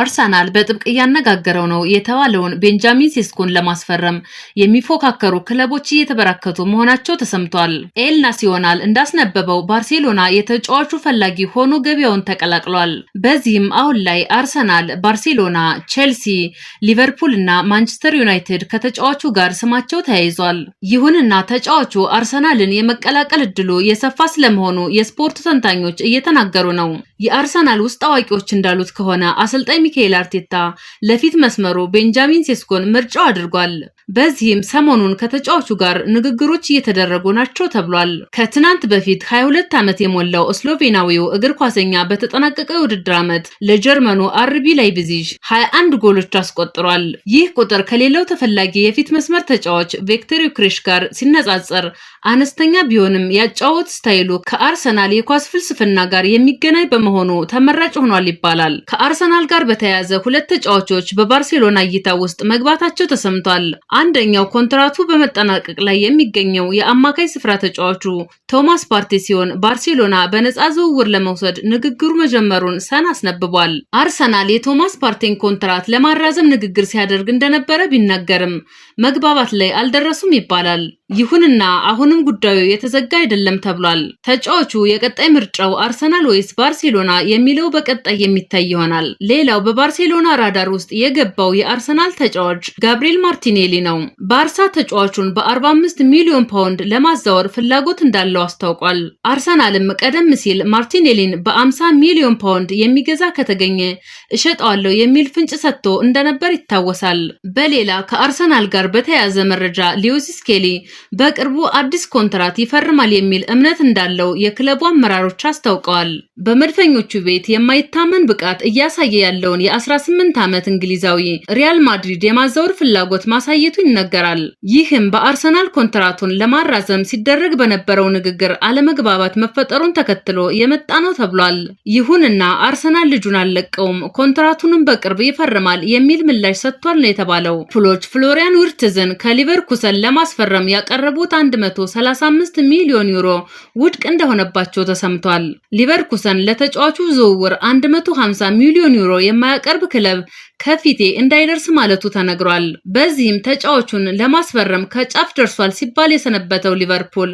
አርሰናል በጥብቅ እያነጋገረው ነው የተባለውን ቤንጃሚን ሴስኮን ለማስፈረም የሚፎካከሩ ክለቦች እየተበራከቱ መሆናቸው ተሰምቷል። ኤል ናሲዮናል እንዳስነበበው ባርሴሎና የተጫዋቹ ፈላጊ ሆኖ ገበያውን ተቀላቅሏል። በዚህም አሁን ላይ አርሰናል፣ ባርሴሎና፣ ቼልሲ፣ ሊቨርፑል እና ማንቸስተር ዩናይትድ ከተጫዋቹ ጋር ስማቸው ተያይዟል። ይሁንና ተጫዋቹ አርሰናልን የመቀላቀል እድሉ የሰፋ ስለመሆኑ የስፖርት ተንታኞች እየተናገሩ ነው። የአርሰናል ውስጥ አዋቂዎች እንዳሉት ከሆነ አሰልጣኝ ሚካኤል አርቴታ ለፊት መስመሩ ቤንጃሚን ሴስኮን ምርጫው አድርጓል። በዚህም ሰሞኑን ከተጫዋቹ ጋር ንግግሮች እየተደረጉ ናቸው ተብሏል። ከትናንት በፊት 22 ዓመት የሞላው ስሎቬናዊው እግር ኳሰኛ በተጠናቀቀ የውድድር ዓመት ለጀርመኑ አርቢ ላይፕዚግ 21 ጎሎች አስቆጥሯል። ይህ ቁጥር ከሌላው ተፈላጊ የፊት መስመር ተጫዋች ቬክተር ዩክሬሽ ጋር ሲነጻጸር አነስተኛ ቢሆንም ያጫወት ስታይሉ ከአርሰናል የኳስ ፍልስፍና ጋር የሚገናኝ በመሆ በመሆኑ ተመራጭ ሆኗል ይባላል። ከአርሰናል ጋር በተያያዘ ሁለት ተጫዋቾች በባርሴሎና እይታ ውስጥ መግባታቸው ተሰምቷል። አንደኛው ኮንትራቱ በመጠናቀቅ ላይ የሚገኘው የአማካይ ስፍራ ተጫዋቹ ቶማስ ፓርቲ ሲሆን ባርሴሎና በነጻ ዝውውር ለመውሰድ ንግግሩ መጀመሩን ሰን አስነብቧል። አርሰናል የቶማስ ፓርቲን ኮንትራት ለማራዘም ንግግር ሲያደርግ እንደነበረ ቢናገርም መግባባት ላይ አልደረሱም ይባላል። ይሁንና አሁንም ጉዳዩ የተዘጋ አይደለም ተብሏል። ተጫዋቹ የቀጣይ ምርጫው አርሰናል ወይስ ባርሴሎና ባርሴሎና የሚለው በቀጣይ የሚታይ ይሆናል። ሌላው በባርሴሎና ራዳር ውስጥ የገባው የአርሰናል ተጫዋች ጋብሪኤል ማርቲኔሊ ነው። ባርሳ ተጫዋቹን በ45 ሚሊዮን ፓውንድ ለማዛወር ፍላጎት እንዳለው አስታውቋል። አርሰናልም ቀደም ሲል ማርቲኔሊን በ50 ሚሊዮን ፓውንድ የሚገዛ ከተገኘ እሸጠዋለሁ የሚል ፍንጭ ሰጥቶ እንደነበር ይታወሳል። በሌላ ከአርሰናል ጋር በተያያዘ መረጃ ሊዊስ ስኬሊ በቅርቡ አዲስ ኮንትራት ይፈርማል የሚል እምነት እንዳለው የክለቡ አመራሮች አስታውቀዋል። በመድፈ በስደተኞቹ ቤት የማይታመን ብቃት እያሳየ ያለውን የ18 ዓመት እንግሊዛዊ ሪያል ማድሪድ የማዛወር ፍላጎት ማሳየቱ ይነገራል። ይህም በአርሰናል ኮንትራቱን ለማራዘም ሲደረግ በነበረው ንግግር አለመግባባት መፈጠሩን ተከትሎ የመጣ ነው ተብሏል። ይሁንና አርሰናል ልጁን አልለቀውም፣ ኮንትራቱንም በቅርብ ይፈርማል የሚል ምላሽ ሰጥቷል ነው የተባለው። ፍሎች ፍሎሪያን ዊርትዝን ከሊቨርኩሰን ለማስፈረም ያቀረቡት 135 ሚሊዮን ዩሮ ውድቅ እንደሆነባቸው ተሰምቷል። ሊቨርኩሰን ለተ ለተጫዋቹ ዝውውር 150 ሚሊዮን ዩሮ የማያቀርብ ክለብ ከፊቴ እንዳይደርስ ማለቱ ተነግሯል። በዚህም ተጫዋቹን ለማስፈረም ከጫፍ ደርሷል ሲባል የሰነበተው ሊቨርፑል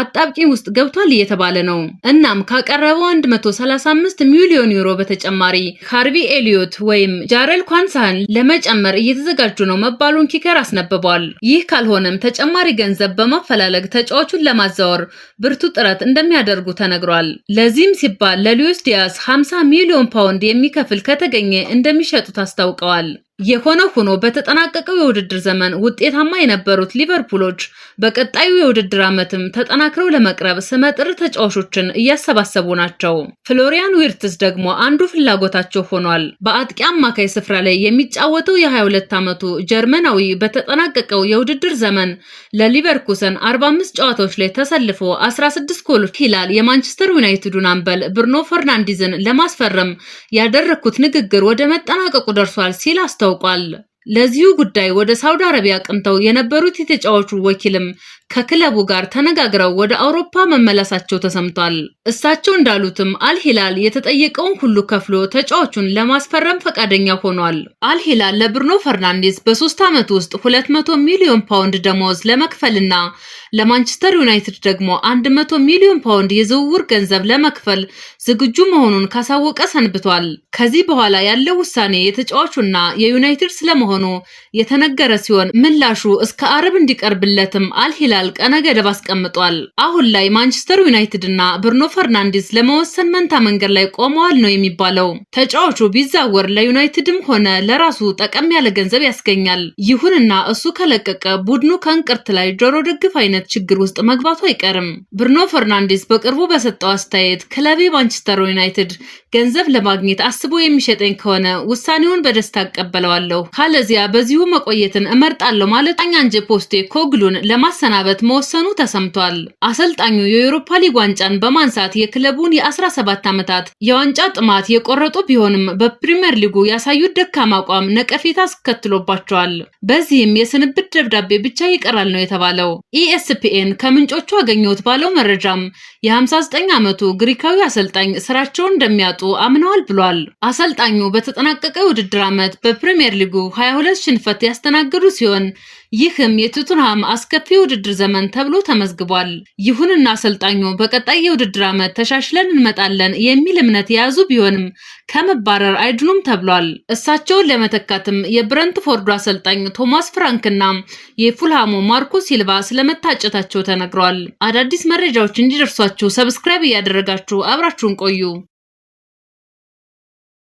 አጣብቂኝ ውስጥ ገብቷል እየተባለ ነው። እናም ካቀረበው 135 ሚሊዮን ዩሮ በተጨማሪ ሃርቪ ኤሊዮት ወይም ጃረል ኳንሳን ለመጨመር እየተዘጋጁ ነው መባሉን ኪከር አስነብቧል። ይህ ካልሆነም ተጨማሪ ገንዘብ በማፈላለግ ተጫዋቹን ለማዛወር ብርቱ ጥረት እንደሚያደርጉ ተነግሯል። ለዚህም ሲባል ለሉዊስ ዲያስ 50 ሚሊዮን ፓውንድ የሚከፍል ከተገኘ እንደሚሸጡት አስታውቀዋል። የሆነ ሆኖ በተጠናቀቀው የውድድር ዘመን ውጤታማ የነበሩት ሊቨርፑሎች በቀጣዩ የውድድር ዓመትም ተጠናክረው ለመቅረብ ስመጥር ተጫዋቾችን እያሰባሰቡ ናቸው። ፍሎሪያን ዊርትስ ደግሞ አንዱ ፍላጎታቸው ሆኗል። በአጥቂ አማካይ ስፍራ ላይ የሚጫወተው የ22 ዓመቱ ጀርመናዊ በተጠናቀቀው የውድድር ዘመን ለሊቨርኩሰን 45 ጨዋታዎች ላይ ተሰልፎ 16 ጎሎች ይላል። የማንቸስተር ዩናይትዱን አምበል ብሩኖ ፈርናንዲዝን ለማስፈረም ያደረግኩት ንግግር ወደ መጠናቀቁ ደርሷል ሲል አስተ አስታውቋል። ለዚሁ ጉዳይ ወደ ሳውዲ አረቢያ አቅንተው የነበሩት የተጫዋቹ ወኪልም ከክለቡ ጋር ተነጋግረው ወደ አውሮፓ መመለሳቸው ተሰምቷል። እሳቸው እንዳሉትም አልሂላል የተጠየቀውን ሁሉ ከፍሎ ተጫዋቹን ለማስፈረም ፈቃደኛ ሆኗል። አልሂላል ለብሩኖ ፈርናንዴዝ በሶስት ዓመት ውስጥ 200 ሚሊዮን ፓውንድ ደሞዝ ለመክፈልና ለማንቸስተር ዩናይትድ ደግሞ 100 ሚሊዮን ፓውንድ የዝውውር ገንዘብ ለመክፈል ዝግጁ መሆኑን ካሳወቀ ሰንብቷል። ከዚህ በኋላ ያለው ውሳኔ የተጫዋቹና የዩናይትድ ስለመሆኑ የተነገረ ሲሆን ምላሹ እስከ አርብ እንዲቀርብለትም አልሂላል ይላል ቀነ ገደብ አስቀምጧል። አሁን ላይ ማንቸስተር ዩናይትድ እና ብሩኖ ፈርናንዴዝ ለመወሰን መንታ መንገድ ላይ ቆመዋል ነው የሚባለው። ተጫዋቹ ቢዛወር ለዩናይትድም ሆነ ለራሱ ጠቀም ያለ ገንዘብ ያስገኛል። ይሁንና እሱ ከለቀቀ ቡድኑ ከእንቅርት ላይ ጆሮ ደግፍ አይነት ችግር ውስጥ መግባቱ አይቀርም። ብሩኖ ፈርናንዴዝ በቅርቡ በሰጠው አስተያየት ክለቤ ማንቸስተር ዩናይትድ ገንዘብ ለማግኘት አስቦ የሚሸጠኝ ከሆነ ውሳኔውን በደስታ እቀበለዋለሁ፣ ካለዚያ በዚሁ መቆየትን እመርጣለሁ ማለት ፖስቴ ኮግሉን ለማሰናበ ለመሰናበት መወሰኑ ተሰምቷል። አሰልጣኙ የዩሮፓ ሊግ ዋንጫን በማንሳት የክለቡን የ17 ዓመታት የዋንጫ ጥማት የቆረጡ ቢሆንም በፕሪምየር ሊጉ ያሳዩት ደካማ አቋም ነቀፌታ አስከትሎባቸዋል። በዚህም የስንብት ደብዳቤ ብቻ ይቀራል ነው የተባለው። ኢኤስፒኤን ከምንጮቹ አገኘሁት ባለው መረጃም የ59 ዓመቱ ግሪካዊ አሰልጣኝ ስራቸውን እንደሚያጡ አምነዋል ብሏል። አሰልጣኙ በተጠናቀቀ ውድድር ዓመት በፕሪምየር ሊጉ 22 ሽንፈት ያስተናገዱ ሲሆን ይህም የቶተንሃም አስከፊ ውድድር ዘመን ተብሎ ተመዝግቧል። ይሁንና አሰልጣኙ በቀጣይ የውድድር ዓመት ተሻሽለን እንመጣለን የሚል እምነት የያዙ ቢሆንም ከመባረር አይድኑም ተብሏል። እሳቸውን ለመተካትም የብረንትፎርዱ አሰልጣኝ ቶማስ ፍራንክና የፉልሃሙ ማርኮ ሲልቫ ስለመታጨታቸው ተነግሯል። አዳዲስ መረጃዎች እንዲደርሷችሁ ሰብስክራይብ እያደረጋችሁ አብራችሁን ቆዩ።